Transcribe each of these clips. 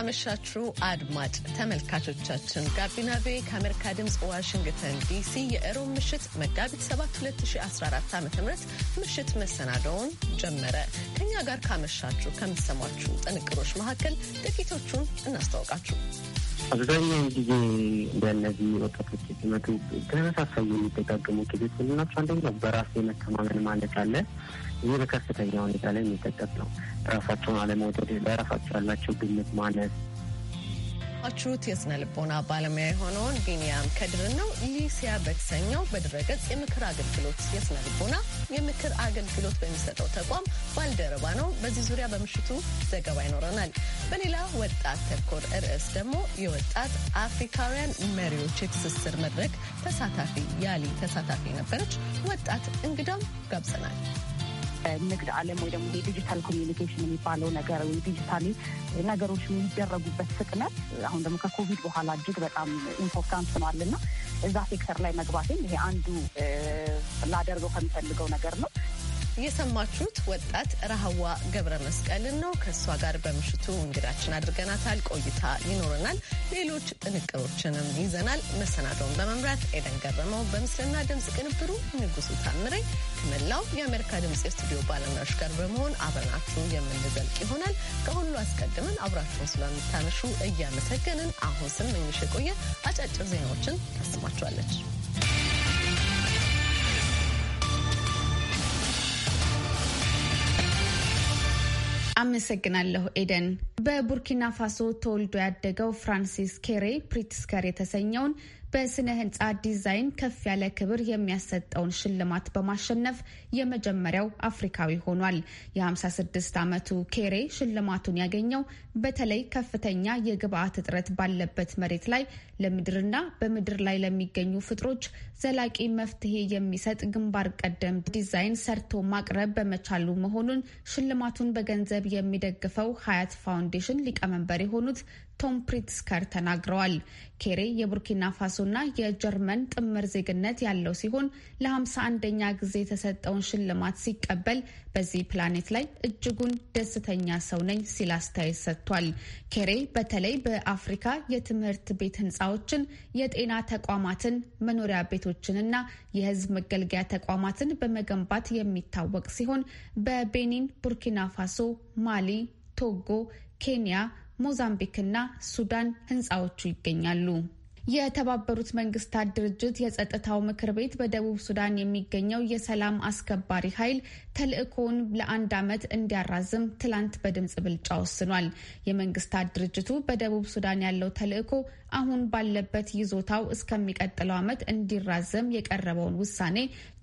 እንደምናመሻችሁ አድማጭ ተመልካቾቻችን ጋቢና ቬ ከአሜሪካ ድምፅ ዋሽንግተን ዲሲ የእሮብ ምሽት መጋቢት 7 2014 ዓ ም ምሽት መሰናደውን ጀመረ። ከእኛ ጋር ካመሻችሁ ከምትሰሟችሁ ጥንቅሮች መካከል ጥቂቶቹን እናስታውቃችሁ። አብዛኛውን ጊዜ እንደነዚህ ወጣቶች ሲመጡ ተመሳሳይ የሚደጋገሙ ጊዜ ናቸው። አንደኛው በራስ የመተማመን ማለት አለ። ይህ በከፍተኛ ሁኔታ ላይ የሚጠቀስ ነው። ራሳቸውን አለመውደድ፣ ለራሳቸው ያላቸው ግምት ማነስ ችሁት የስነ ልቦና ባለሙያ የሆነውን ቢኒያም ከድርን ነው። ሊሲያ በተሰኘው በድረገጽ የምክር አገልግሎት የስነ ልቦና የምክር አገልግሎት በሚሰጠው ተቋም ባልደረባ ነው። በዚህ ዙሪያ በምሽቱ ዘገባ ይኖረናል። በሌላ ወጣት ተኮር ርዕስ ደግሞ የወጣት አፍሪካውያን መሪዎች የትስስር መድረክ ተሳታፊ ያሊ ተሳታፊ ነበረች። ወጣት እንግዳም ጋብዘናል። ንግድ ዓለም ወይ ደግሞ የዲጂታል ኮሚኒኬሽን የሚባለው ነገር ወይ ዲጂታሊ ነገሮች የሚደረጉበት ፍጥነት አሁን ደግሞ ከኮቪድ በኋላ እጅግ በጣም ኢምፖርታንት ሆኗል እና እዛ ሴክተር ላይ መግባቴም ይሄ አንዱ ላደርገው ከሚፈልገው ነገር ነው። የሰማችሁት ወጣት ረሃዋ ገብረ መስቀልን ነው። ከእሷ ጋር በምሽቱ እንግዳችን አድርገናታል። ቆይታ ይኖረናል። ሌሎች ጥንቅሮችንም ይዘናል። መሰናዶውን በመምራት ኤደን ገረመው፣ በምስልና ድምፅ ቅንብሩ ንጉሱ ታምሬ ከመላው የአሜሪካ ድምፅ የስቱዲዮ ባለሙያዎች ጋር በመሆን አብረናችሁ የምንዘልቅ ይሆናል። ከሁሉ አስቀድመን አብራችሁን ስለምታመሹ እያመሰገንን አሁን ስመኝሽ የቆየ አጫጭር ዜናዎችን ታስማችኋለች። አመሰግናለሁ ኤደን። በቡርኪና ፋሶ ተወልዶ ያደገው ፍራንሲስ ኬሬ ፕሪትስከር የተሰኘውን በስነ ህንፃ ዲዛይን ከፍ ያለ ክብር የሚያሰጠውን ሽልማት በማሸነፍ የመጀመሪያው አፍሪካዊ ሆኗል። የ56 ዓመቱ ኬሬ ሽልማቱን ያገኘው በተለይ ከፍተኛ የግብአት እጥረት ባለበት መሬት ላይ ለምድርና በምድር ላይ ለሚገኙ ፍጥሮች ዘላቂ መፍትሄ የሚሰጥ ግንባር ቀደም ዲዛይን ሰርቶ ማቅረብ በመቻሉ መሆኑን ሽልማቱን በገንዘብ የሚደግፈው ሀያት ፋውንዴሽን ሊቀመንበር የሆኑት ቶም ፕሪትስከር ተናግረዋል። ኬሬ የቡርኪና ፋሶና የጀርመን ጥምር ዜግነት ያለው ሲሆን ለ51ኛ ጊዜ የተሰጠውን ሽልማት ሲቀበል በዚህ ፕላኔት ላይ እጅጉን ደስተኛ ሰው ነኝ ሲል አስተያየት ሰጥቷል። ኬሬ በተለይ በአፍሪካ የትምህርት ቤት ህንፃዎችን፣ የጤና ተቋማትን፣ መኖሪያ ቤቶችንና የህዝብ መገልገያ ተቋማትን በመገንባት የሚታወቅ ሲሆን በቤኒን፣ ቡርኪና ፋሶ፣ ማሊ፣ ቶጎ፣ ኬንያ ሞዛምቢክና ሱዳን ህንፃዎቹ ይገኛሉ። የተባበሩት መንግስታት ድርጅት የጸጥታው ምክር ቤት በደቡብ ሱዳን የሚገኘው የሰላም አስከባሪ ኃይል ተልእኮውን ለአንድ ዓመት እንዲያራዝም ትላንት በድምፅ ብልጫ ወስኗል። የመንግስታት ድርጅቱ በደቡብ ሱዳን ያለው ተልእኮ አሁን ባለበት ይዞታው እስከሚቀጥለው ዓመት እንዲራዘም የቀረበውን ውሳኔ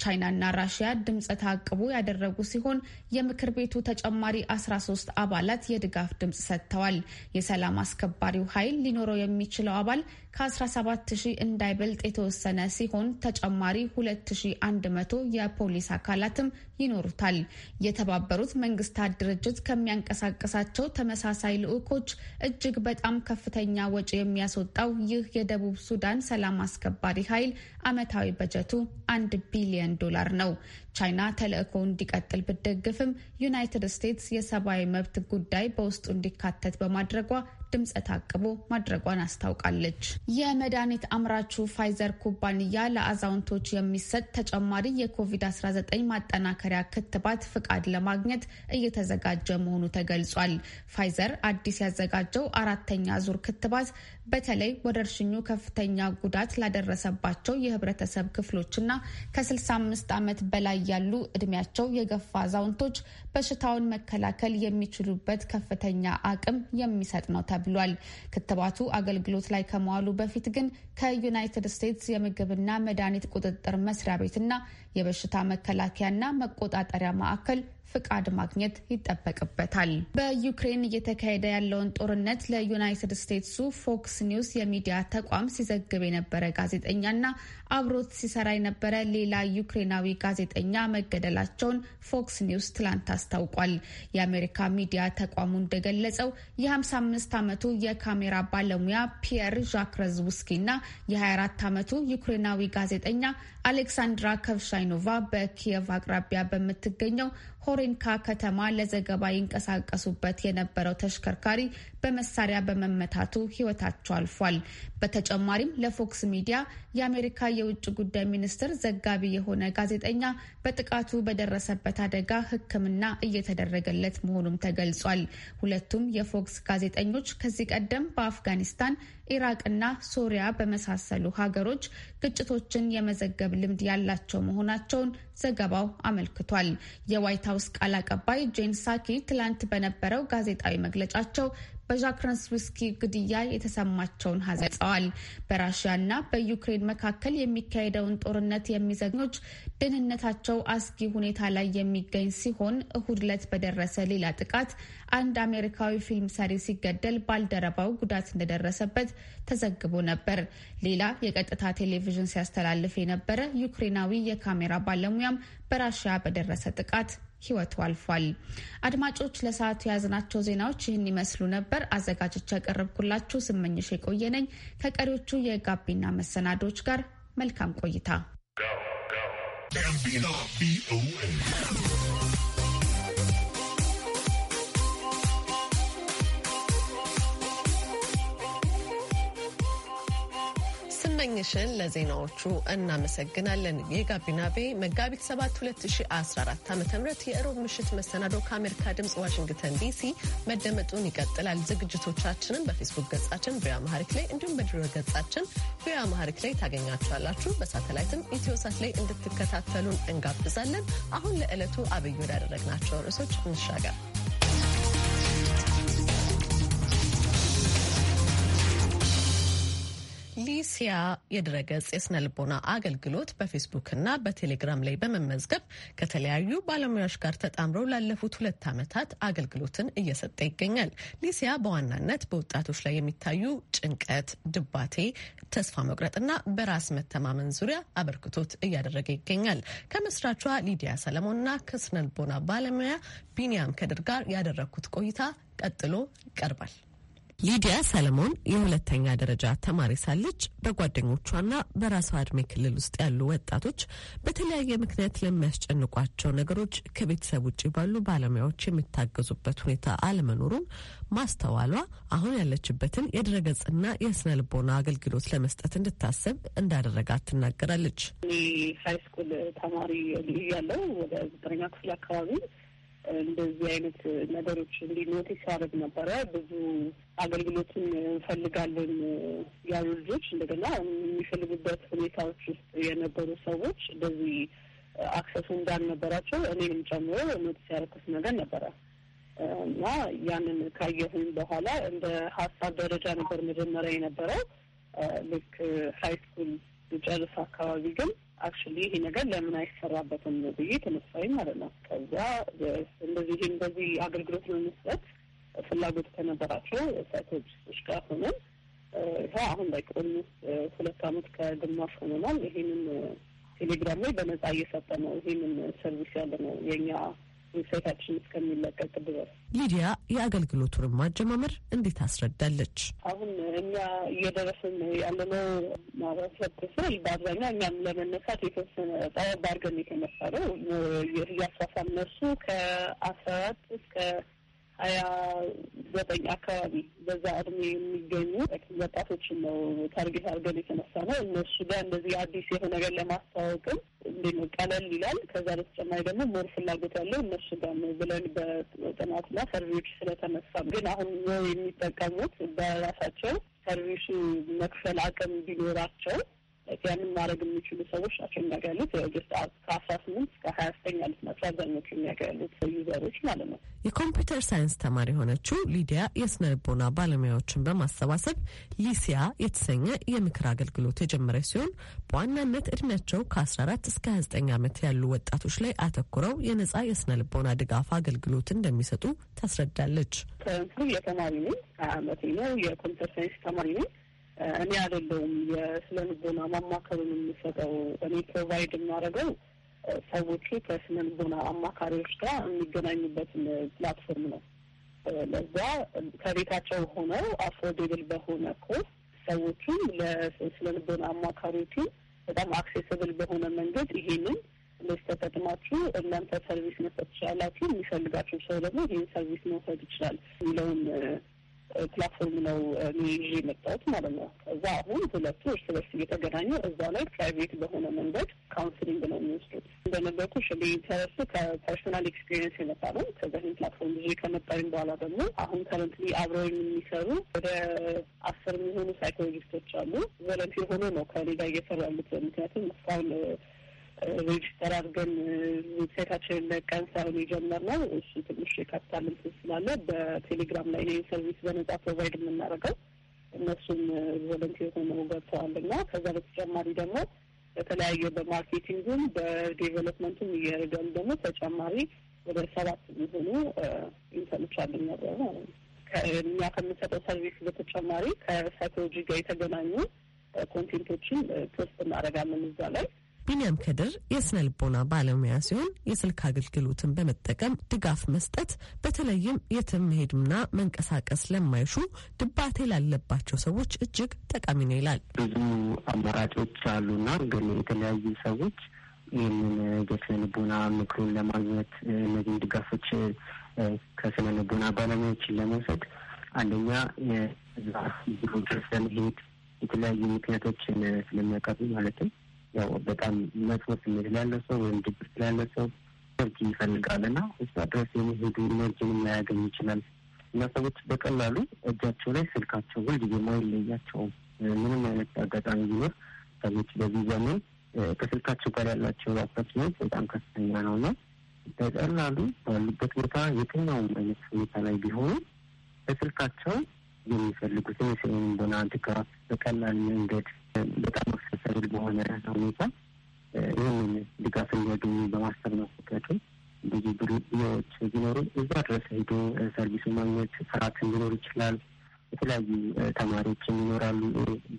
ቻይናና ራሽያ ድምፅ ታቅቡ ያደረጉ ሲሆን የምክር ቤቱ ተጨማሪ 13 አባላት የድጋፍ ድምፅ ሰጥተዋል። የሰላም አስከባሪው ኃይል ሊኖረው የሚችለው አባል ከ17000 እንዳይበልጥ የተወሰነ ሲሆን ተጨማሪ 2100 የፖሊስ አካላትም ይኖሩታል። የተባበሩት መንግስታት ድርጅት ከሚያንቀሳቀሳቸው ተመሳሳይ ልዑኮች እጅግ በጣም ከፍተኛ ወጪ የሚያስወጡ የወጣው ይህ የደቡብ ሱዳን ሰላም አስከባሪ ኃይል ዓመታዊ በጀቱ አንድ ቢሊዮን ዶላር ነው። ቻይና ተልእኮ እንዲቀጥል ብደግፍም ዩናይትድ ስቴትስ የሰብአዊ መብት ጉዳይ በውስጡ እንዲካተት በማድረጓ ድምፀ ታቅቦ ማድረጓን አስታውቃለች። የመድኃኒት አምራቹ ፋይዘር ኩባንያ ለአዛውንቶች የሚሰጥ ተጨማሪ የኮቪድ-19 ማጠናከሪያ ክትባት ፍቃድ ለማግኘት እየተዘጋጀ መሆኑ ተገልጿል። ፋይዘር አዲስ ያዘጋጀው አራተኛ ዙር ክትባት በተለይ ወረርሽኙ ከፍተኛ ጉዳት ላደረሰባቸው የህብረተሰብ ክፍሎችና ከ65 ዓመት በላይ ያሉ እድሜያቸው የገፋ አዛውንቶች በሽታውን መከላከል የሚችሉበት ከፍተኛ አቅም የሚሰጥ ነው ተብሏል። ክትባቱ አገልግሎት ላይ ከመዋሉ በፊት ግን ከዩናይትድ ስቴትስ የምግብና መድኃኒት ቁጥጥር መስሪያ ቤትና የበሽታ መከላከያና መቆጣጠሪያ ማዕከል ፍቃድ ማግኘት ይጠበቅበታል። በዩክሬን እየተካሄደ ያለውን ጦርነት ለዩናይትድ ስቴትሱ ፎክስ ኒውስ የሚዲያ ተቋም ሲዘግብ የነበረ ጋዜጠኛና አብሮት ሲሰራ የነበረ ሌላ ዩክሬናዊ ጋዜጠኛ መገደላቸውን ፎክስ ኒውስ ትላንት አስታውቋል። የአሜሪካ ሚዲያ ተቋሙ እንደገለጸው የ55 ዓመቱ የካሜራ ባለሙያ ፒየር ዣክረዝውስኪ ና የ24 ዓመቱ ዩክሬናዊ ጋዜጠኛ አሌክሳንድራ ከቭሻይኖቫ በኪየቭ አቅራቢያ በምትገኘው ሆሬንካ ከተማ ለዘገባ ይንቀሳቀሱበት የነበረው ተሽከርካሪ በመሳሪያ በመመታቱ ሕይወታቸው አልፏል። በተጨማሪም ለፎክስ ሚዲያ የአሜሪካ የውጭ ጉዳይ ሚኒስትር ዘጋቢ የሆነ ጋዜጠኛ በጥቃቱ በደረሰበት አደጋ ሕክምና እየተደረገለት መሆኑም ተገልጿል። ሁለቱም የፎክስ ጋዜጠኞች ከዚህ ቀደም በአፍጋኒስታን ኢራቅና ሶሪያ በመሳሰሉ ሀገሮች ግጭቶችን የመዘገብ ልምድ ያላቸው መሆናቸውን ዘገባው አመልክቷል። የዋይት ሀውስ ቃል አቀባይ ጄን ሳኪ ትላንት በነበረው ጋዜጣዊ መግለጫቸው በዣክ ውስኪ ግድያ የተሰማቸውን ሀዘጸዋል። በራሽያ በራሽያና በዩክሬን መካከል የሚካሄደውን ጦርነት የሚዘኞች ደህንነታቸው አስጊ ሁኔታ ላይ የሚገኝ ሲሆን እሁድ ዕለት በደረሰ ሌላ ጥቃት አንድ አሜሪካዊ ፊልም ሰሪ ሲገደል ባልደረባው ጉዳት እንደደረሰበት ተዘግቦ ነበር። ሌላ የቀጥታ ቴሌቪዥን ሲያስተላልፍ የነበረ ዩክሬናዊ የካሜራ ባለሙያም በራሽያ በደረሰ ጥቃት ህይወቱ አልፏል። አድማጮች ለሰዓቱ የያዝናቸው ዜናዎች ይህን ይመስሉ ነበር። አዘጋጆች ያቀረብኩላችሁ ስመኝሽ የቆየነኝ ከቀሪዎቹ የጋቢና መሰናዶች ጋር መልካም ቆይታ። ስመኝሽን ለዜናዎቹ እናመሰግናለን። የጋቢና ቤ መጋቢት 7 2014 ዓ ም የእሮብ ምሽት መሰናዶ ከአሜሪካ ድምፅ ዋሽንግተን ዲሲ መደመጡን ይቀጥላል። ዝግጅቶቻችንን በፌስቡክ ገጻችን ቪኦኤ አማሪክ ላይ እንዲሁም በድረ ገጻችን ቪኦኤ አማሪክ ላይ ታገኛችኋላችሁ። በሳተላይትም ኢትዮሳት ላይ እንድትከታተሉን እንጋብዛለን። አሁን ለዕለቱ አብይ ወዳደረግናቸው ርዕሶች እንሻገር። ሲያ የድረገጽ የስነ ልቦና አገልግሎት በፌስቡክና በቴሌግራም ላይ በመመዝገብ ከተለያዩ ባለሙያዎች ጋር ተጣምረው ላለፉት ሁለት ዓመታት አገልግሎትን እየሰጠ ይገኛል። ሊሲያ በዋናነት በወጣቶች ላይ የሚታዩ ጭንቀት፣ ድባቴ፣ ተስፋ መቁረጥና በራስ መተማመን ዙሪያ አበርክቶት እያደረገ ይገኛል። ከመስራቿ ሊዲያ ሰለሞንና ከስነ ልቦና ባለሙያ ቢኒያም ከድር ጋር ያደረግኩት ቆይታ ቀጥሎ ይቀርባል። ሊዲያ ሰለሞን የሁለተኛ ደረጃ ተማሪ ሳለች በጓደኞቿና በራሷ እድሜ ክልል ውስጥ ያሉ ወጣቶች በተለያየ ምክንያት ለሚያስጨንቋቸው ነገሮች ከቤተሰብ ውጭ ባሉ ባለሙያዎች የሚታገዙበት ሁኔታ አለመኖሩን ማስተዋሏ አሁን ያለችበትን የድረገጽና የስነ ልቦና አገልግሎት ለመስጠት እንድታሰብ እንዳደረጋት ትናገራለች። ሃይስኩል ተማሪ እያለሁ ወደ ዘጠነኛ ክፍል አካባቢ እንደዚህ አይነት ነገሮች እንዲኖቲስ ይሳረግ ነበረ። ብዙ አገልግሎትን እንፈልጋለን ያሉ ልጆች እንደገና የሚፈልጉበት ሁኔታዎች ውስጥ የነበሩ ሰዎች እንደዚህ አክሰሱ እንዳልነበራቸው እኔንም ጨምሮ ኖቲስ ያደረኩት ነገር ነበረ እና ያንን ካየሁኝ በኋላ እንደ ሀሳብ ደረጃ ነበር መጀመሪያ የነበረው። ልክ ሀይ ስኩል ጨርስ አካባቢ ግን አክቹዋሊ ይሄ ነገር ለምን አይሰራበትም ብዬ ተነሳሁኝ ማለት ነው። ከዛ እንደዚህ ይሄ እንደዚህ አገልግሎት ለመስጠት ፍላጎት ከነበራቸው ሳይኮሎጂስቶች ጋር ሆነን ይኸው አሁን ላይ ቆሉስ ሁለት አመት ከግማሽ ሆኖናል። ይሄንን ቴሌግራም ላይ በነጻ እየሰጠ ነው። ይሄንን ሰርቪስ ያለ ነው የእኛ ዌብሳይታችን እስከሚለቀቅ ድረስ። ሊዲያ የአገልግሎቱን ማጀማመር እንዴት አስረዳለች? አሁን እኛ እየደረስን ያለነው ማህበረሰብ ክፍል በአብዛኛው እኛም ለመነሳት የተወሰነ ጠበብ አድርገን የተነሳ ነው። እያሳሳም ነሱ ከአስራ አራት እስከ ሀያ ዘጠኝ አካባቢ በዛ እድሜ የሚገኙ ወጣቶችን ነው ታርጌት አድርገን የተነሳ ነው። እነሱ ጋር እንደዚህ አዲስ የሆነ ነገር ለማስተዋወቅም እንዴት ነው ቀለል ይላል። ከዛ በተጨማሪ ደግሞ ሞር ፍላጎት ያለው እነሱ ጋር ነው ብለን በጥናትና ሰርቪዎች ስለተነሳ ግን አሁን ነው የሚጠቀሙት በራሳቸው ሰርቪሱ መክፈል አቅም ቢኖራቸው ያንን ማድረግ የሚችሉ ሰዎች ናቸው እኛ ጋር ያሉት ስ ከአስራ ስምንት እስከ ሀያ ዘጠኝ ያሉት ናቸው አብዛኞቹ እኛ ያሉት ዩዘሮች ማለት ነው። የኮምፒውተር ሳይንስ ተማሪ የሆነችው ሊዲያ የስነ ልቦና ባለሙያዎችን በማሰባሰብ ሊሲያ የተሰኘ የምክር አገልግሎት የጀመረች ሲሆን በዋናነት እድሜያቸው ከአስራ አራት እስከ ሀያ ዘጠኝ ዓመት ያሉ ወጣቶች ላይ አተኩረው የነጻ የስነ ልቦና ድጋፍ አገልግሎት እንደሚሰጡ ታስረዳለች። ከንቱ የተማሪ ነኝ ሀያ ዓመቴ ነው። የኮምፒውተር ሳይንስ ተማሪ ነኝ እኔ አይደለውም የስነ ልቦና ማማከሩን የሚሰጠው። እኔ ፕሮቫይድ የማደርገው ሰዎቹ ከስነ ልቦና አማካሪዎች ጋር የሚገናኙበትን ፕላትፎርም ነው። ለዛ ከቤታቸው ሆነው አፎርዴብል በሆነ ኮስ ሰዎቹ ለስነ ልቦና አማካሪዎቹ በጣም አክሴስብል በሆነ መንገድ ይሄንን ልስ ተጠቅማችሁ እናንተ ሰርቪስ መስጠት ትችላላችሁ፣ የሚፈልጋችሁ ሰው ደግሞ ይህን ሰርቪስ መውሰድ ይችላል የሚለውን ፕላትፎርም ነው ይዤ የመጣሁት ማለት ነው። እዛ አሁን ሁለቱ እርስ በርስ እየተገናኙ እዛ ላይ ፕራይቬት በሆነ መንገድ ካውንስሊንግ ነው የሚወስዱት። እንደነገርኩሽ እኔ ኢንተረስት ከፐርሶናል ኤክስፒሪየንስ የመጣ ነው። ከዚህም ፕላትፎርም ይዤ ከመጣኝ በኋላ ደግሞ አሁን ከረንትሊ አብረው የሚሰሩ ወደ አስር የሚሆኑ ሳይኮሎጂስቶች አሉ። ቮለንቲር ሆኖ ነው ከኔ ጋር እየሰሩ ያሉት። ምክንያቱም እስካሁን ሬጅስተር አድርገን ዌብሳይታችንን ለቀን ሳይሆን የጀመርነው እሱ ትንሽ የካፒታል እንትን ስላለ በቴሌግራም ላይ ነው ሰርቪስ በነጻ ፕሮቫይድ የምናደርገው። እነሱም ቮለንቲር ሆነው ገብተዋል እና ከዛ በተጨማሪ ደግሞ በተለያየ በማርኬቲንግም በዴቨሎፕመንቱም እየረዳን ደግሞ ተጨማሪ ወደ ሰባት የሚሆኑ ኢንተርኖች አለኝ ማለት ነው። እኛ ከምንሰጠው ሰርቪስ በተጨማሪ ከሳይኮሎጂ ጋር የተገናኙ ኮንቴንቶችን ፖስት እናደርጋለን እዛ ላይ ቢንያም ከድር የስነ ልቦና ባለሙያ ሲሆን የስልክ አገልግሎትን በመጠቀም ድጋፍ መስጠት በተለይም የትም መሄድና መንቀሳቀስ ለማይሹ ድባቴ ላለባቸው ሰዎች እጅግ ጠቃሚ ነው ይላል። ብዙ አማራጮች አሉና ግን የተለያዩ ሰዎች ይህንን የስነ ልቦና ምክሩን ለማግኘት እነዚህን ድጋፎች ከስነ ልቦና ባለሙያዎችን ለመውሰድ አንደኛ የዛ ብሎ ድረስ ለመሄድ የተለያዩ ምክንያቶችን ስለሚያቀርቡ ማለትም ያው በጣም መጥፎ ስሜት ያለ ሰው ወይም ድብርት ያለ ሰው ኢነርጂ ይፈልጋል እና እዛ ድረስ የሚሄዱ ኢነርጂን የማያገኝ ይችላል እና ሰዎች በቀላሉ እጃቸው ላይ ስልካቸው ሁልጊዜም ማይለያቸውም ምንም አይነት አጋጣሚ ቢኖር ሰዎች በዚህ ዘመን ከስልካቸው ጋር ያላቸው አታችመንት በጣም ከፍተኛ ነው እና በቀላሉ ባሉበት ቦታ የትኛውም አይነት ሁኔታ ላይ ቢሆኑ በስልካቸው የሚፈልጉትን የስነ ልቦና ድጋፍ በቀላል መንገድ በጣም ሰብል በሆነ ሁኔታ ይህንን ድጋፍ እንዲያገኙ በማሰብ ነው። ምክንያቱም ብዙ ብሮዎች ቢኖሩ እዛ ድረስ ሄዶ ሰርቪሱ ማግኘት ፍርሃት ሊኖር ይችላል። የተለያዩ ተማሪዎች ይኖራሉ።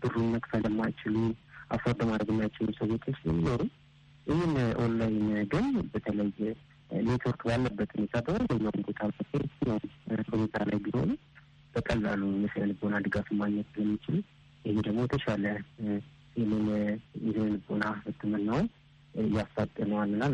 ብሩን መክፈል የማይችሉ አፎርድ ማድረግ የማይችሉ ሰዎች ሊኖሩ ይህን ኦንላይን ግን በተለየ ኔትወርክ ባለበት ሁኔታ በማንኛውም ቦታ ሁኔታ ላይ ቢሆኑ በቀላሉ የስነ ልቦና ድጋፍ ማግኘት ስለሚችሉ ይህ ደግሞ የተሻለ ይህንን የስነ ልቦና ሕክምናውን ያፋጥነዋል እና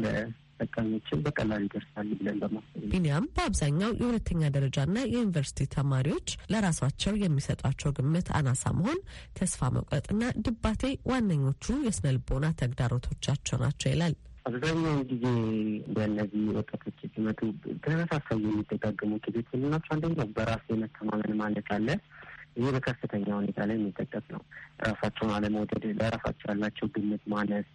ተጠቃሚዎችን በቀላል ይደርሳል ብለን በማሰብ ቢኒያም በአብዛኛው የሁለተኛ ደረጃና የዩኒቨርሲቲ ተማሪዎች ለራሳቸው የሚሰጧቸው ግምት አናሳ መሆን፣ ተስፋ መቁረጥና ድባቴ ዋነኞቹ የስነ ልቦና ተግዳሮቶቻቸው ናቸው ይላል። አብዛኛውን ጊዜ በእነዚህ ወጣቶች ሲመጡ ተመሳሳዩ የሚደጋገሙ ችግሮች ናቸው። አንደኛው በራስ የመተማመን ማለት አለ። ይህ በከፍተኛ ሁኔታ ላይ የሚጠቀስ ነው። ራሳቸውን አለመውደድ፣ ለራሳቸው ያላቸው ግምት ማነስ፣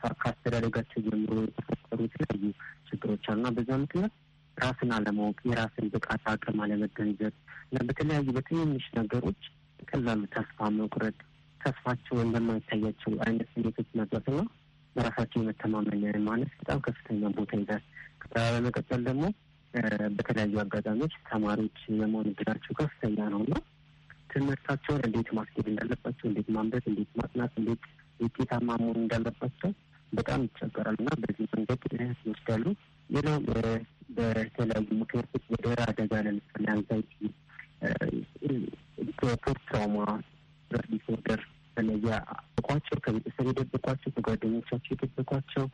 ከአስተዳደጋቸው ጀምሮ የተፈጠሩ የተለያዩ ችግሮች አሉና በዛ ምክንያት ራስን አለማወቅ፣ የራስን ብቃት አቅም አለመገንዘብ እና በተለያዩ በትንንሽ ነገሮች በቀላሉ ተስፋ መቁረጥ፣ ተስፋቸው እንደማይታያቸው አይነት ስሜቶች ነው። በራሳቸው የመተማመን ማነስ በጣም ከፍተኛ ቦታ ይዛል። በመቀጠል ደግሞ በተለያዩ አጋጣሚዎች ተማሪዎች የመሆን እድላቸው ከፍተኛ ነው እና ትምህርታቸውን እንዴት ማስኬድ እንዳለባቸው፣ እንዴት ማንበብ፣ እንዴት ማጥናት፣ እንዴት ውጤታማ መሆን እንዳለባቸው በጣም ይቸገራል እና በዚህ መንገድ ይወስዳሉ። ሌላው በተለያዩ ምክንያቶች ወደ አደጋ ለምሳሌ አንዛይቲ፣ ፖስት ትራውማ ስትረስ ዲስኦርደር ተለየ ደበቋቸው፣ ከቤተሰብ የደብቋቸው፣ ከጓደኞቻቸው የደብቋቸው፣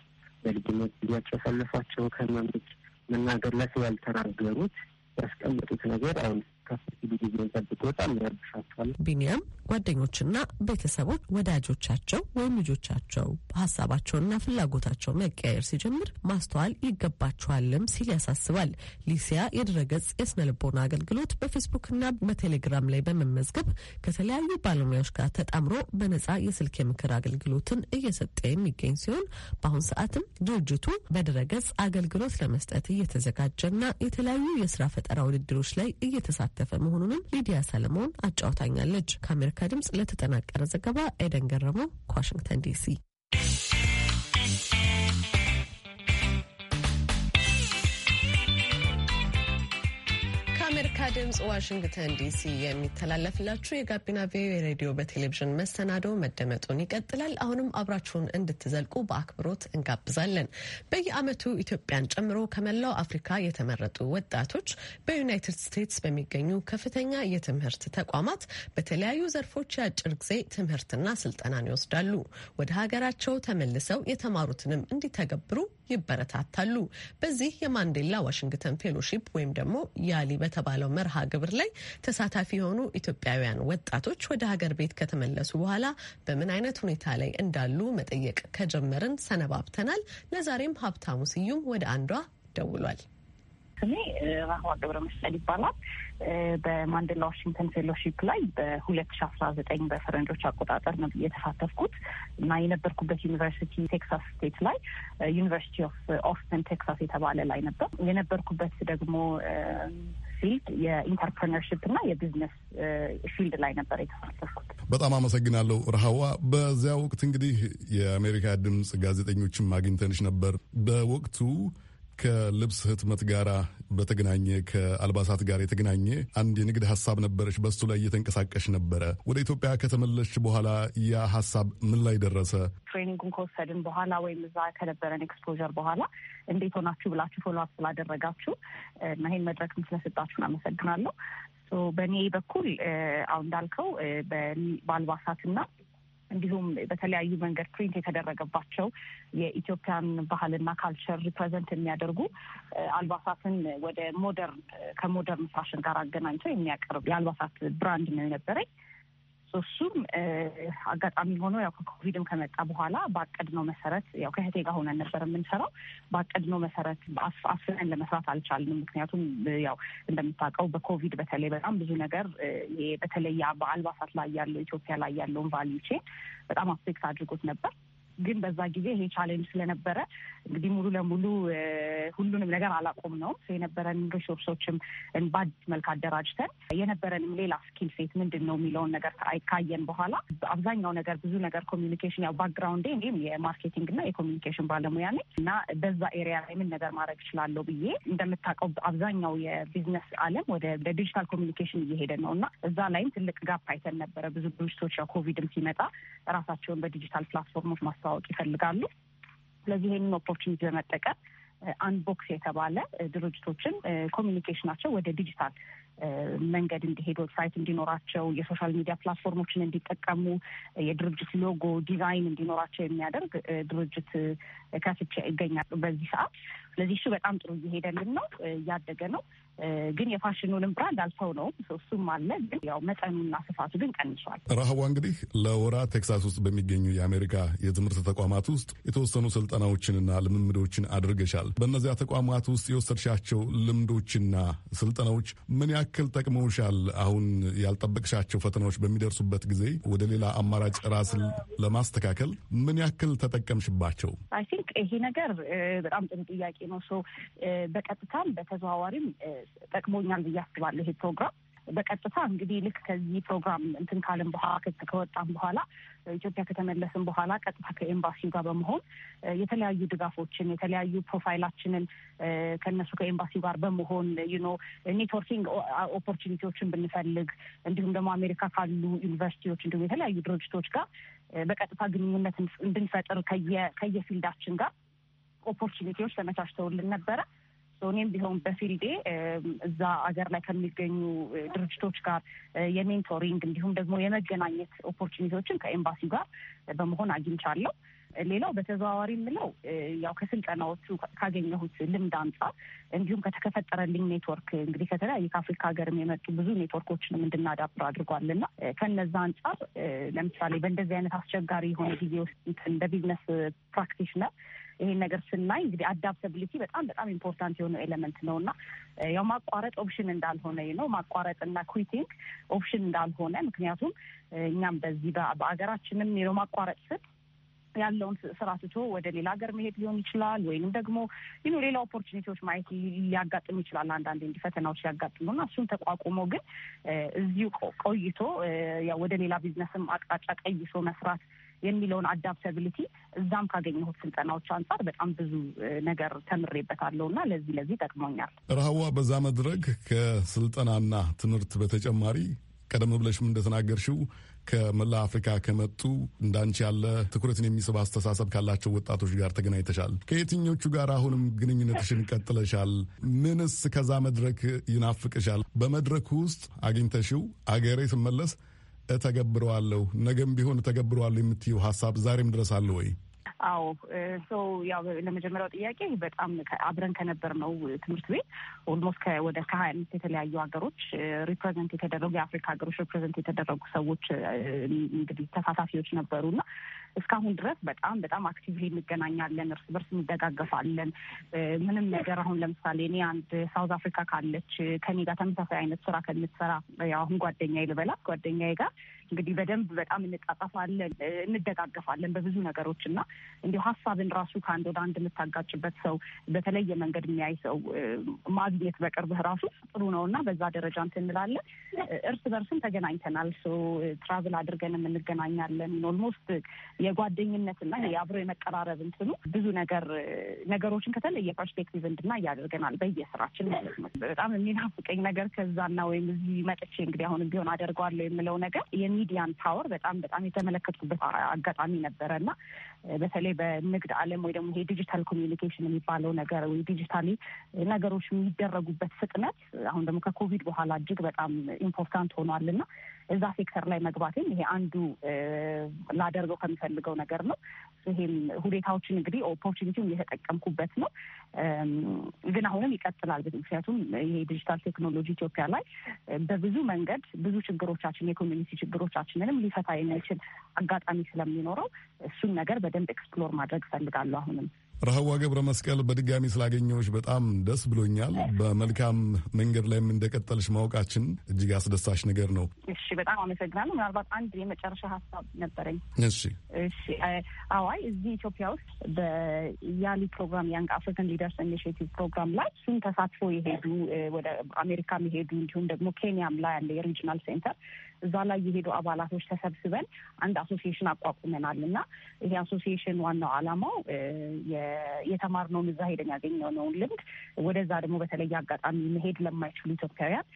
በልጅነት ጊዜያቸው ያሳለፏቸው ከህመሞች መናገር ላይ ስላልተናገሩት ያስቀመጡት ነገር አሁን ሲሉ ኪሎ ጠብቆ በጣም ያርሻቸዋል። ቢኒያም ጓደኞችና ቤተሰቦች ወዳጆቻቸው ወይም ልጆቻቸው ሀሳባቸውና ፍላጎታቸው መቀያየር ሲጀምር ማስተዋል ይገባቸዋልም ሲል ያሳስባል። ሊሲያ የድረገጽ የስነ ልቦና አገልግሎት በፌስቡክና በቴሌግራም ላይ በመመዝገብ ከተለያዩ ባለሙያዎች ጋር ተጣምሮ በነጻ የስልክ የምክር አገልግሎትን እየሰጠ የሚገኝ ሲሆን በአሁን ሰዓትም ድርጅቱ በድረገጽ አገልግሎት ለመስጠት እየተዘጋጀና የተለያዩ የስራ ፈጠራ ውድድሮች ላይ እየተሳተፈ የተሳተፈ መሆኑንም ሊዲያ ሰለሞን አጫውታኛለች። ከአሜሪካ ድምጽ ለተጠናቀረ ዘገባ ኤደን ገረመው ከዋሽንግተን ዲሲ ድምፅ ዋሽንግተን ዲሲ የሚተላለፍላችሁ የጋቢና ቪኦኤ ሬዲዮ በቴሌቪዥን መሰናዶ መደመጡን ይቀጥላል። አሁንም አብራችሁን እንድትዘልቁ በአክብሮት እንጋብዛለን። በየዓመቱ ኢትዮጵያን ጨምሮ ከመላው አፍሪካ የተመረጡ ወጣቶች በዩናይትድ ስቴትስ በሚገኙ ከፍተኛ የትምህርት ተቋማት በተለያዩ ዘርፎች የአጭር ጊዜ ትምህርትና ስልጠናን ይወስዳሉ። ወደ ሀገራቸው ተመልሰው የተማሩትንም እንዲተገብሩ ይበረታታሉ። በዚህ የማንዴላ ዋሽንግተን ፌሎሺፕ ወይም ደግሞ ያሊ በተባለው መርሃ ግብር ላይ ተሳታፊ የሆኑ ኢትዮጵያውያን ወጣቶች ወደ ሀገር ቤት ከተመለሱ በኋላ በምን አይነት ሁኔታ ላይ እንዳሉ መጠየቅ ከጀመርን ሰነባብተናል። ለዛሬም ሀብታሙ ስዩም ወደ አንዷ ደውሏል። ስሜ ራህዋ ገብረ መስቀል ይባላል። በማንዴላ ዋሽንግተን ፌሎሺፕ ላይ በሁለት ሺ አስራ ዘጠኝ በፈረንጆች አቆጣጠር ነው የተሳተፍኩት እና የነበርኩበት ዩኒቨርሲቲ ቴክሳስ ስቴት ላይ ዩኒቨርሲቲ ኦፍ ኦስተን ቴክሳስ የተባለ ላይ ነበር የነበርኩበት ደግሞ ፊልድ የኢንተርፕረነርሽፕ እና የቢዝነስ ፊልድ ላይ ነበር የተሳተፍኩት። በጣም አመሰግናለሁ ረሃዋ። በዚያ ወቅት እንግዲህ የአሜሪካ ድምፅ ጋዜጠኞችም አግኝተንሽ ነበር በወቅቱ ከልብስ ህትመት ጋር በተገናኘ ከአልባሳት ጋር የተገናኘ አንድ የንግድ ሀሳብ ነበረች። በሱ ላይ እየተንቀሳቀሽ ነበረ። ወደ ኢትዮጵያ ከተመለሽ በኋላ ያ ሀሳብ ምን ላይ ደረሰ? ትሬኒንጉን ከወሰድን በኋላ ወይም እዛ ከነበረን ኤክስፖዠር በኋላ እንዴት ሆናችሁ ብላችሁ ፎሎ አፕ ስላደረጋችሁ እና ይህን መድረክም ስለሰጣችሁን አመሰግናለሁ። በእኔ በኩል አሁን እንዳልከው በአልባሳትና እንዲሁም በተለያዩ መንገድ ፕሪንት የተደረገባቸው የኢትዮጵያን ባህልና ካልቸር ሪፕሬዘንት የሚያደርጉ አልባሳትን ወደ ሞደርን ከሞደርን ፋሽን ጋር አገናኝቶ የሚያቀርብ የአልባሳት ብራንድ ነው የነበረኝ። እሱም አጋጣሚ ሆኖ ያው ከኮቪድም ከመጣ በኋላ በአቀድነው መሰረት ያው ከህቴ ጋር ሆነን ነበር የምንሰራው። ባቀድነው መሰረት አፍነን ለመስራት አልቻልንም። ምክንያቱም ያው እንደምታውቀው በኮቪድ በተለይ በጣም ብዙ ነገር በተለይ በአልባሳት ላይ ያለው ኢትዮጵያ ላይ ያለውን ቫሊዩ ቼን በጣም አፌክት አድርጎት ነበር። ግን በዛ ጊዜ ይሄ ቻሌንጅ ስለነበረ እንግዲህ ሙሉ ለሙሉ ሁሉንም ነገር አላቆም ነው የነበረን ሪሶርሶችም በአዲስ መልክ አደራጅተን የነበረንም ሌላ ስኪል ሴት ምንድን ነው የሚለውን ነገር ካየን በኋላ አብዛኛው ነገር ብዙ ነገር ኮሚኒኬሽን ያው ባክግራውንዴ እንዲም የማርኬቲንግ እና የኮሚኒኬሽን ባለሙያ ነኝ እና በዛ ኤሪያ ላይ ምን ነገር ማድረግ እችላለሁ ብዬ እንደምታውቀው አብዛኛው የቢዝነስ አለም ወደ ዲጂታል ኮሚኒኬሽን እየሄደ ነው እና እዛ ላይም ትልቅ ጋፕ አይተን ነበረ። ብዙ ድርጅቶች ያው ኮቪድም ሲመጣ ራሳቸውን በዲጂታል ፕላትፎርሞች ማስተዋ ማስተዋወቅ ይፈልጋሉ። ስለዚህ ይህንን ኦፖርቹኒቲ በመጠቀም አንድ ቦክስ የተባለ ድርጅቶችን ኮሚኒኬሽናቸው ወደ ዲጂታል መንገድ እንዲሄድ ዌብሳይት እንዲኖራቸው የሶሻል ሚዲያ ፕላትፎርሞችን እንዲጠቀሙ የድርጅት ሎጎ ዲዛይን እንዲኖራቸው የሚያደርግ ድርጅት ከፍቼ ይገኛል በዚህ ሰዓት። ስለዚህ እሱ በጣም ጥሩ እየሄደልን ነው፣ እያደገ ነው። ግን የፋሽኑንም ብራንድ አልፈው ነው እሱም አለ። ግን ያው መጠኑና ስፋቱ ግን ቀንሷል። ረሃቧ እንግዲህ ለወራ ቴክሳስ ውስጥ በሚገኙ የአሜሪካ የትምህርት ተቋማት ውስጥ የተወሰኑ ስልጠናዎችንና ልምምዶችን አድርገሻል። በእነዚያ ተቋማት ውስጥ የወሰድሻቸው ልምዶችና ስልጠናዎች ምን ያክል ጠቅመውሻል? አሁን ያልጠበቅሻቸው ፈተናዎች በሚደርሱበት ጊዜ ወደ ሌላ አማራጭ ራስን ለማስተካከል ምን ያክል ተጠቀምሽባቸው? አይ ቲንክ ይሄ ነገር በጣም ጥሩ ጥያቄ ነው። በቀጥታም በተዘዋዋሪም ጠቅሞኛል ብዬ አስባለሁ ይሄ ፕሮግራም በቀጥታ እንግዲህ ልክ ከዚህ ፕሮግራም እንትን ካልን በኋላ ከወጣም በኋላ ኢትዮጵያ ከተመለስን በኋላ ቀጥታ ከኤምባሲው ጋር በመሆን የተለያዩ ድጋፎችን የተለያዩ ፕሮፋይላችንን ከነሱ ከኤምባሲው ጋር በመሆን ዩኖ ኔትወርኪንግ ኦፖርቹኒቲዎችን ብንፈልግ እንዲሁም ደግሞ አሜሪካ ካሉ ዩኒቨርሲቲዎች እንዲሁም የተለያዩ ድርጅቶች ጋር በቀጥታ ግንኙነት እንድንፈጥር ከየፊልዳችን ጋር ኦፖርቹኒቲዎች ተመቻችተውልን ነበረ። እኔም ቢሆን በፊልዴ እዛ አገር ላይ ከሚገኙ ድርጅቶች ጋር የሜንቶሪንግ እንዲሁም ደግሞ የመገናኘት ኦፖርቹኒቲዎችን ከኤምባሲ ጋር በመሆን አግኝቻለሁ። ሌላው በተዘዋዋሪ የምለው ያው ከስልጠናዎቹ ካገኘሁት ልምድ አንጻር እንዲሁም ከተከፈጠረልኝ ኔትወርክ እንግዲህ ከተለያየ ከአፍሪካ ሀገርም የመጡ ብዙ ኔትወርኮችንም እንድናዳብር አድርጓልና ከነዛ አንጻር ለምሳሌ በእንደዚህ አይነት አስቸጋሪ የሆነ ጊዜ ውስጥ እንደ ቢዝነስ ፕራክቲሽነር ይሄን ነገር ስናይ እንግዲህ አዳፕታብሊቲ በጣም በጣም ኢምፖርታንት የሆነ ኤሌመንት ነው እና ያው ማቋረጥ ኦፕሽን እንዳልሆነ ነው ማቋረጥ እና ኩዊቲንግ ኦፕሽን እንዳልሆነ ምክንያቱም እኛም በዚህ በሀገራችንም ነው ማቋረጥ ስል ያለውን ስራ ትቶ ወደ ሌላ ሀገር መሄድ ሊሆን ይችላል፣ ወይንም ደግሞ ይኖ ሌላ ኦፖርቹኒቲዎች ማየት ሊያጋጥሙ ይችላል። አንዳንድ እንዲህ ፈተናዎች ሊያጋጥሙ እና እሱን ተቋቁሞ ግን እዚሁ ቆይቶ ወደ ሌላ ቢዝነስም አቅጣጫ ቀይሶ መስራት የሚለውን አዳፕታብሊቲ እዛም ካገኘሁት ስልጠናዎች አንጻር በጣም ብዙ ነገር ተምሬበታለሁ እና ለዚህ ለዚህ ጠቅሞኛል። ረሃዋ በዛ መድረክ ከስልጠናና ትምህርት በተጨማሪ ቀደም ብለሽም እንደተናገርሽው ከመላ አፍሪካ ከመጡ እንዳንቺ ያለ ትኩረትን የሚስብ አስተሳሰብ ካላቸው ወጣቶች ጋር ተገናኝተሻል። ከየትኞቹ ጋር አሁንም ግንኙነትሽን ቀጥለሻል? ምንስ ከዛ መድረክ ይናፍቅሻል? በመድረኩ ውስጥ አግኝተሽው አገሬ ስመለስ እተገብረዋለሁ፣ ነገም ቢሆን እተገብረዋለሁ የምትየው ሀሳብ ዛሬም ድረስ አለ ወይ? አዎ ሰው ያው ለመጀመሪያው ጥያቄ በጣም አብረን ከነበር ነው ትምህርት ቤት ኦልሞስት ከወደ ከሀያ አምስት የተለያዩ ሀገሮች ሪፕሬዘንት የተደረጉ የአፍሪካ ሀገሮች ሪፕሬዘንት የተደረጉ ሰዎች እንግዲህ ተሳታፊዎች ነበሩ እና እስካሁን ድረስ በጣም በጣም አክቲቭሊ እንገናኛለን፣ እርስ በርስ እንደጋገፋለን። ምንም ነገር አሁን ለምሳሌ እኔ አንድ ሳውዝ አፍሪካ ካለች ከኔ ጋር ተመሳሳይ አይነት ስራ ከምትሰራ አሁን ጓደኛ ልበላት ጓደኛዬ ጋር እንግዲህ በደንብ በጣም እንጣጣፋለን፣ እንደጋገፋለን በብዙ ነገሮች እና እንዲሁ ሀሳብን ራሱ ከአንድ ወደ አንድ የምታጋጭበት ሰው በተለየ መንገድ የሚያይ ሰው ማግኘት በቅርብህ ራሱ ጥሩ ነው እና በዛ ደረጃ እንትን እንላለን። እርስ በርስም ተገናኝተናል። ትራቭል አድርገንም እንገናኛለን። ኦልሞስት የጓደኝነት እና የአብሮ የመቀራረብ እንትኑ ብዙ ነገር ነገሮችን ከተለየ ፐርስፔክቲቭ እንድናይ ያደርገናል በየስራችን ማለት ነው። በጣም የሚናፍቀኝ ነገር ከዛና ወይም እዚህ መጥቼ እንግዲህ አሁን ቢሆን አደርገዋለሁ የምለው ነገር የሚዲያን ፓወር በጣም በጣም የተመለከትኩበት አጋጣሚ ነበረ እና በተለይ በንግድ ዓለም ወይ ደግሞ ዲጂታል የሚባለው ነገር ወይ ዲጂታሊ ነገሮች የሚደረጉበት ፍጥነት አሁን ደግሞ ከኮቪድ በኋላ እጅግ በጣም ኢምፖርታንት ሆኗል እና እዛ ሴክተር ላይ መግባቴም ይሄ አንዱ ላደርገው ከሚፈልገው ነገር ነው። ይሄም ሁኔታዎችን እንግዲህ ኦፖርቹኒቲውን እየተጠቀምኩበት ነው። ግን አሁንም ይቀጥላል። ምክንያቱም ይሄ ዲጂታል ቴክኖሎጂ ኢትዮጵያ ላይ በብዙ መንገድ ብዙ ችግሮቻችን የኮሚኒቲ ችግሮቻችንንም ሊፈታ የሚችል አጋጣሚ ስለሚኖረው እሱን ነገር በደንብ ኤክስፕሎር ማድረግ እፈልጋለሁ አሁንም ረሃዋ ገብረ መስቀል በድጋሚ ስላገኘዎች በጣም ደስ ብሎኛል። በመልካም መንገድ ላይም እንደቀጠልሽ ማወቃችን እጅግ አስደሳች ነገር ነው። እሺ፣ በጣም አመሰግናለሁ። ምናልባት አንድ የመጨረሻ ሀሳብ ነበረኝ። እሺ፣ እሺ። አዋይ እዚህ ኢትዮጵያ ውስጥ በያሊ ፕሮግራም ያንግ አፍሪካን ሊደርስ ኢኒሽቲቭ ፕሮግራም ላይ እሱም ተሳትፎ የሄዱ ወደ አሜሪካም የሄዱ እንዲሁም ደግሞ ኬንያም ላይ ያለ የሪጅናል ሴንተር እዛ ላይ የሄዱ አባላቶች ተሰብስበን አንድ አሶሲሽን አቋቁመናል እና ይሄ አሶሲሽን ዋናው አላማው የተማርነውን እዛ ሄደን ያገኘነውን ልምድ ወደዛ ደግሞ በተለየ አጋጣሚ መሄድ ለማይችሉ ኢትዮጵያውያን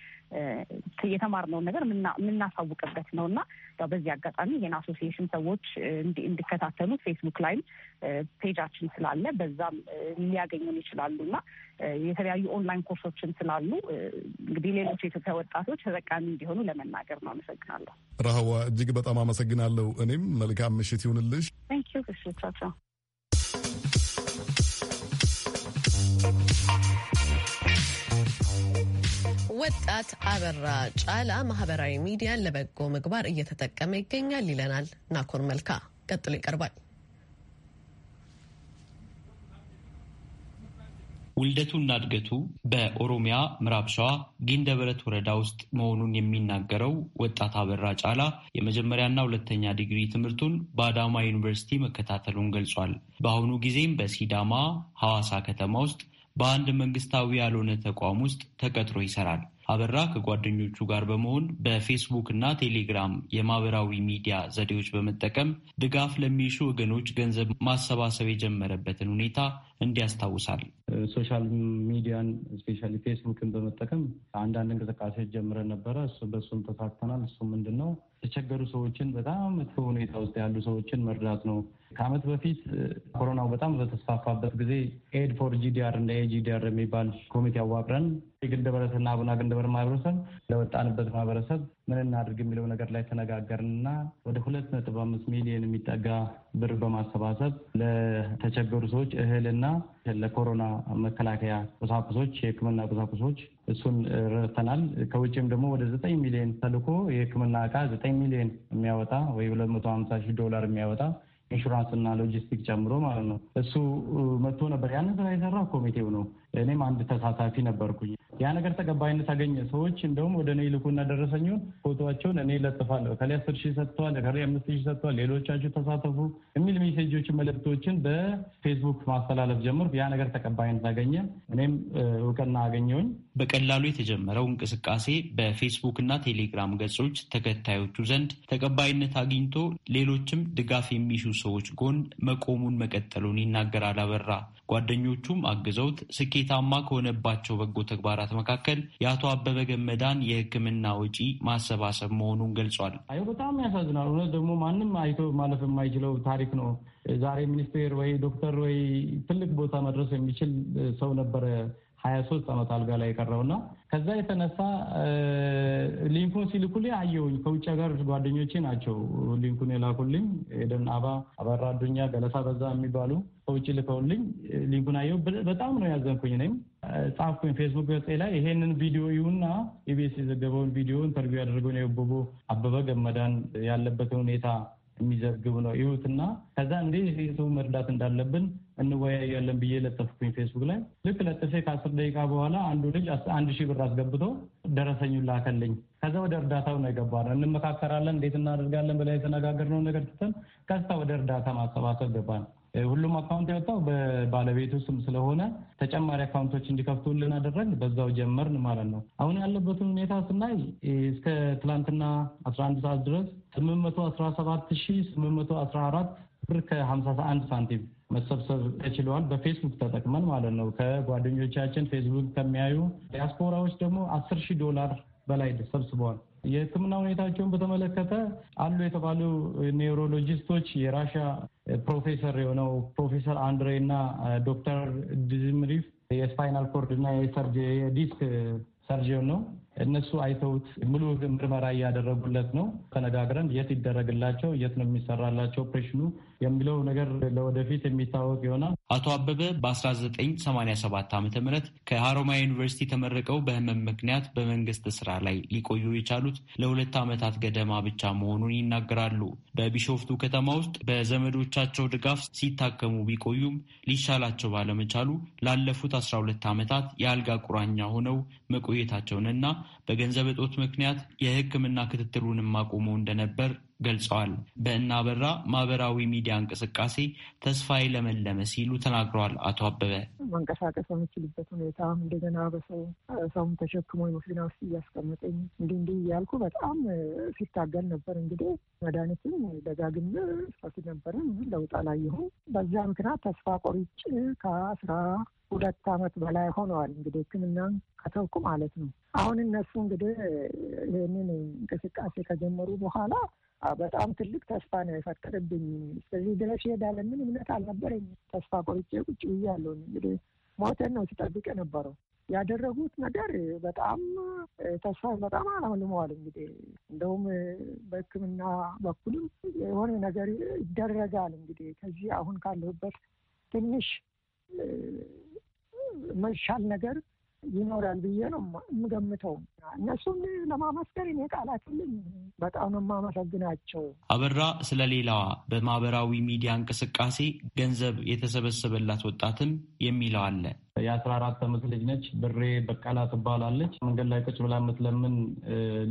የተማርነውን ነገር የምናሳውቅበት ነው እና ያው በዚህ አጋጣሚ ይሄን አሶሲዬሽን ሰዎች እንዲከታተሉት ፌስቡክ ላይም ፔጃችን ስላለ በዛም ሊያገኙን ይችላሉ እና የተለያዩ ኦንላይን ኮርሶችን ስላሉ እንግዲህ ሌሎች የኢትዮጵያ ወጣቶች ተጠቃሚ እንዲሆኑ ለመናገር ነው። አመሰግናለሁ። ረሃዋ እጅግ በጣም አመሰግናለሁ። እኔም መልካም ምሽት ይሁንልሽ። ንኪ ክሽቻቸው ወጣት አበራ ጫላ ማህበራዊ ሚዲያን ለበጎ ምግባር እየተጠቀመ ይገኛል ይለናል ናኮር መልካ ቀጥሎ ይቀርባል። ውልደቱና እድገቱ በኦሮሚያ ምዕራብ ሸዋ ጊንደበረት ወረዳ ውስጥ መሆኑን የሚናገረው ወጣት አበራ ጫላ የመጀመሪያና ሁለተኛ ዲግሪ ትምህርቱን በአዳማ ዩኒቨርሲቲ መከታተሉን ገልጿል። በአሁኑ ጊዜም በሲዳማ ሐዋሳ ከተማ ውስጥ በአንድ መንግስታዊ ያልሆነ ተቋም ውስጥ ተቀጥሮ ይሰራል። አበራ ከጓደኞቹ ጋር በመሆን በፌስቡክ እና ቴሌግራም የማህበራዊ ሚዲያ ዘዴዎች በመጠቀም ድጋፍ ለሚሹ ወገኖች ገንዘብ ማሰባሰብ የጀመረበትን ሁኔታ እንዲያስታውሳል ሶሻል ሚዲያን ስፔሻሊ ፌስቡክን በመጠቀም አንዳንድ እንቅስቃሴ ጀምረን ነበረ። በእሱም ተሳክተናል። እሱ ምንድን ነው የተቸገሩ ሰዎችን በጣም መጥፎ ሁኔታ ውስጥ ያሉ ሰዎችን መርዳት ነው። ከዓመት በፊት ኮሮናው በጣም በተስፋፋበት ጊዜ ኤድ ፎር ጂዲአር እንደ ኤጂዲአር የሚባል ኮሚቴ አዋቅረን የግንደበረሰብና አቡና ግንደበር ማህበረሰብ ለወጣንበት ማህበረሰብ ምን እናድርግ የሚለው ነገር ላይ ተነጋገርንና ወደ ሁለት ነጥብ አምስት ሚሊዮን የሚጠጋ ብር በማሰባሰብ ለተቸገሩ ሰዎች እህልና ለኮሮና መከላከያ ቁሳቁሶች፣ የሕክምና ቁሳቁሶች እሱን ረድተናል። ከውጭም ደግሞ ወደ ዘጠኝ ሚሊዮን ተልኮ የሕክምና እቃ ዘጠኝ ሚሊዮን የሚያወጣ ወይ ሁለት መቶ ሀምሳ ሺህ ዶላር የሚያወጣ ኢንሹራንስ እና ሎጂስቲክ ጨምሮ ማለት ነው። እሱ መጥቶ ነበር። ያንን ስራ የሰራ ኮሚቴው ነው። እኔም አንድ ተሳታፊ ነበርኩኝ። ያ ነገር ተቀባይነት አገኘ። ሰዎች እንደውም ወደ እኔ ይልኩና ደረሰኙን ፎቶቸውን እኔ ይለጥፋለሁ። ከላይ አስር ሺህ ሰጥተዋል፣ ከሌ አምስት ሺህ ሰጥተዋል፣ ሌሎቻችሁ ተሳተፉ የሚል ሜሴጆች፣ መልእክቶችን በፌስቡክ ማስተላለፍ ጀምር። ያ ነገር ተቀባይነት አገኘ። እኔም እውቅና አገኘውኝ። በቀላሉ የተጀመረው እንቅስቃሴ በፌስቡክ እና ቴሌግራም ገጾች ተከታዮቹ ዘንድ ተቀባይነት አግኝቶ ሌሎችም ድጋፍ የሚሹ ሰዎች ጎን መቆሙን መቀጠሉን ይናገራል አበራ። ጓደኞቹም አግዘውት ስኬት ስኬታማ ከሆነባቸው በጎ ተግባራት መካከል የአቶ አበበ ገመዳን የሕክምና ወጪ ማሰባሰብ መሆኑን ገልጿል። አይ በጣም ያሳዝናል። እውነት ደግሞ ማንም አይቶ ማለፍ የማይችለው ታሪክ ነው። ዛሬ ሚኒስቴር ወይ ዶክተር ወይ ትልቅ ቦታ መድረስ የሚችል ሰው ነበረ ሀያ ሶስት ዓመት አልጋ ላይ የቀረውና ከዛ የተነሳ ሊንኩን ሲልኩልኝ አየሁኝ። ከውጭ ሀገር ጓደኞቼ ናቸው ሊንኩን የላኩልኝ። ኤደን አባ፣ አበራ አዱኛ፣ ገለሳ በዛ የሚባሉ ከውጭ ልከውልኝ ሊንኩን አየሁ። በጣም ነው ያዘንኩኝ። እኔም ጻፍኩኝ ፌስቡክ ገጽ ላይ ይሄንን ቪዲዮ ይሁና ኢቢኤስ የዘገበውን ቪዲዮ ኢንተርቪው ያደረገውን የቦቦ አበበ ገመዳን ያለበትን ሁኔታ የሚዘግብ ነው ይሁትና ከዛ እንዴ ሰው መርዳት እንዳለብን እንወያያለን ብዬ ለጠፍኩኝ ፌስቡክ ላይ ልክ ለጥፌ ከአስር ደቂቃ በኋላ አንዱ ልጅ አንድ ሺህ ብር አስገብቶ ደረሰኙን ላከልኝ። ከዛ ወደ እርዳታው ነው የገባነው። እንመካከራለን እንዴት እናደርጋለን ብላ የተነጋገርነው ነገር ትተን ከዛ ወደ እርዳታ ማሰባሰብ ገባን። ሁሉም አካውንት ያወጣው በባለቤቱ ስም ስለሆነ ተጨማሪ አካውንቶች እንዲከፍቱልን አደረግን። በዛው ጀመርን ማለት ነው። አሁን ያለበትን ሁኔታ ስናይ እስከ ትላንትና 11 ሰዓት ድረስ 817 ሺህ አራት ብር ከሀምሳ 51 ሳንቲም መሰብሰብ ተችለዋል። በፌስቡክ ተጠቅመን ማለት ነው። ከጓደኞቻችን ፌስቡክ ከሚያዩ ዲያስፖራዎች ደግሞ አስር ሺህ ዶላር በላይ ሰብስበዋል። የሕክምና ሁኔታቸውን በተመለከተ አሉ የተባሉ ኔውሮሎጂስቶች የራሻ ፕሮፌሰር የሆነው ፕሮፌሰር አንድሬ እና ዶክተር ድዝምሪፍ የስፓይናል ኮርድ እና የዲስክ ሰርጂዮን ነው እነሱ አይተውት ሙሉ ምርመራ እያደረጉለት ነው። ተነጋግረን የት ይደረግላቸው፣ የት ነው የሚሰራላቸው ኦፕሬሽኑ የሚለው ነገር ለወደፊት የሚታወቅ ይሆናል። አቶ አበበ በ1987 ዓ ም ከሀሮማያ ዩኒቨርሲቲ ተመርቀው በህመም ምክንያት በመንግስት ስራ ላይ ሊቆዩ የቻሉት ለሁለት ዓመታት ገደማ ብቻ መሆኑን ይናገራሉ። በቢሾፍቱ ከተማ ውስጥ በዘመዶቻቸው ድጋፍ ሲታከሙ ቢቆዩም ሊሻላቸው ባለመቻሉ ላለፉት 12 ዓመታት የአልጋ ቁራኛ ሆነው መቆየታቸውንና በገንዘብ እጦት ምክንያት የሕክምና ክትትሉንም አቁሞ እንደነበር ገልጸዋል። በእናበራ ማህበራዊ ሚዲያ እንቅስቃሴ ተስፋዬ ለመለመ ሲሉ ተናግረዋል። አቶ አበበ መንቀሳቀስ በምችልበት ሁኔታ እንደገና በሰው ሰውም ተሸክሞ መኪና ውስጥ እያስቀመጠኝ እንዲህ እንዲህ እያልኩ በጣም ሲታገል ነበር። እንግዲህ መድኃኒትም ደጋግም ስፋት ነበረ ለውጥ አላየሁም። በዛ ምክንያት ተስፋ ቆርጭ ከአስራ ሁለት አመት በላይ ሆነዋል። እንግዲህ ሕክምና ከተውኩ ማለት ነው። አሁን እነሱ እንግዲህ ይህንን እንቅስቃሴ ከጀመሩ በኋላ በጣም ትልቅ ተስፋ ነው የፈጠረብኝ። እስከዚህ ድረስ ይሄዳል ምን እምነት አልነበረኝ። ተስፋ ቆርጬ ቁጭ ብያለሁ። እንግዲህ ሞተን ነው ሲጠብቅ የነበረው። ያደረጉት ነገር በጣም ተስፋ በጣም ልመዋል እንግዲህ እንደውም በሕክምና በኩልም የሆነ ነገር ይደረጋል እንግዲህ ከዚህ አሁን ካለሁበት ትንሽ መሻል ነገር ይኖራል ብዬ ነው የምገምተው። እነሱም ለማመስገን እኔ ቃላት በጣም ነው የማመሰግናቸው። አበራ ስለሌላዋ በማህበራዊ ሚዲያ እንቅስቃሴ ገንዘብ የተሰበሰበላት ወጣትም የሚለው አለ። የአስራ አራት ዓመት ልጅ ነች። ብሬ በቃላ ትባላለች። መንገድ ላይ ቁጭ ብላ የምትለምን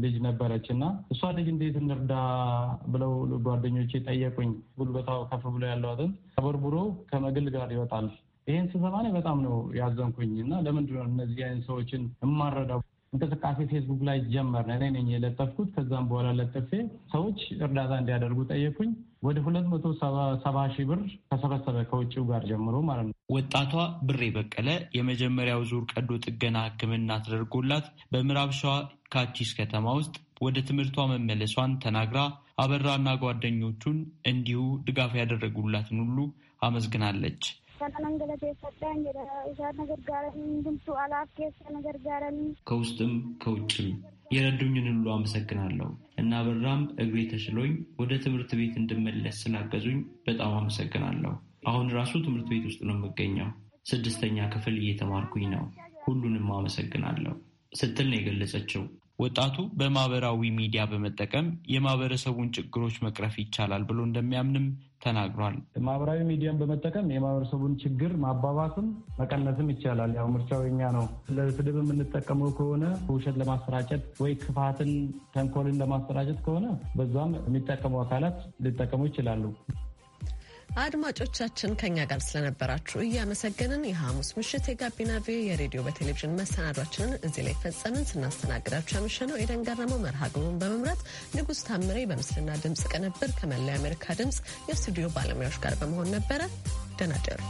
ልጅ ነበረች እና እሷ ልጅ እንዴት እንርዳ ብለው ጓደኞቼ ጠየቁኝ። ጉልበታው ከፍ ብሎ ያለዋትን ተበርብሮ ከመግል ጋር ይወጣል ይህን ስሰማ እኔ በጣም ነው ያዘንኩኝ እና ለምንድን ነው እነዚህ አይነት ሰዎችን የማረዳው? እንቅስቃሴ ፌስቡክ ላይ ጀመር እኔ ነኝ የለጠፍኩት። ከዛም በኋላ ለጥፌ ሰዎች እርዳታ እንዲያደርጉ ጠየኩኝ። ወደ ሁለት መቶ ሰባ ሺህ ብር ተሰበሰበ ከውጭው ጋር ጀምሮ ማለት ነው። ወጣቷ ብሬ በቀለ የመጀመሪያው ዙር ቀዶ ጥገና ሕክምና ተደርጎላት በምዕራብ ሸዋ ካቺስ ከተማ ውስጥ ወደ ትምህርቷ መመለሷን ተናግራ አበራና ጓደኞቹን እንዲሁ ድጋፍ ያደረጉላትን ሁሉ አመስግናለች። ከውስጥም ከውጭም የረዱኝን ሁሉ አመሰግናለሁ። እና በራም እግሬ ተሽሎኝ ወደ ትምህርት ቤት እንድመለስ ስላገዙኝ በጣም አመሰግናለሁ። አሁን ራሱ ትምህርት ቤት ውስጥ ነው የምገኘው። ስድስተኛ ክፍል እየተማርኩኝ ነው። ሁሉንም አመሰግናለሁ ስትል ነው የገለጸችው። ወጣቱ በማህበራዊ ሚዲያ በመጠቀም የማህበረሰቡን ችግሮች መቅረፍ ይቻላል ብሎ እንደሚያምንም ተናግሯል። ማህበራዊ ሚዲያን በመጠቀም የማህበረሰቡን ችግር ማባባስም መቀነስም ይቻላል። ያው ምርጫው የኛ ነው። ለስድብ የምንጠቀመው ከሆነ ውሸት ለማሰራጨት ወይ ክፋትን፣ ተንኮልን ለማሰራጨት ከሆነ በዛም የሚጠቀሙ አካላት ሊጠቀሙ ይችላሉ። አድማጮቻችን ከኛ ጋር ስለነበራችሁ እያመሰገንን የሐሙስ ምሽት የጋቢና ቪ የሬዲዮ በቴሌቪዥን መሰናዷችንን እዚህ ላይ ፈጸምን። ስናስተናግዳችሁ ያመሸነው ኤደን ገረመው መርሃ ግብሩን በመምራት ንጉሥ ታምሬ በምስልና ድምፅ ቅንብር ከመላው የአሜሪካ ድምፅ የስቱዲዮ ባለሙያዎች ጋር በመሆን ነበረ። ደናደሩ።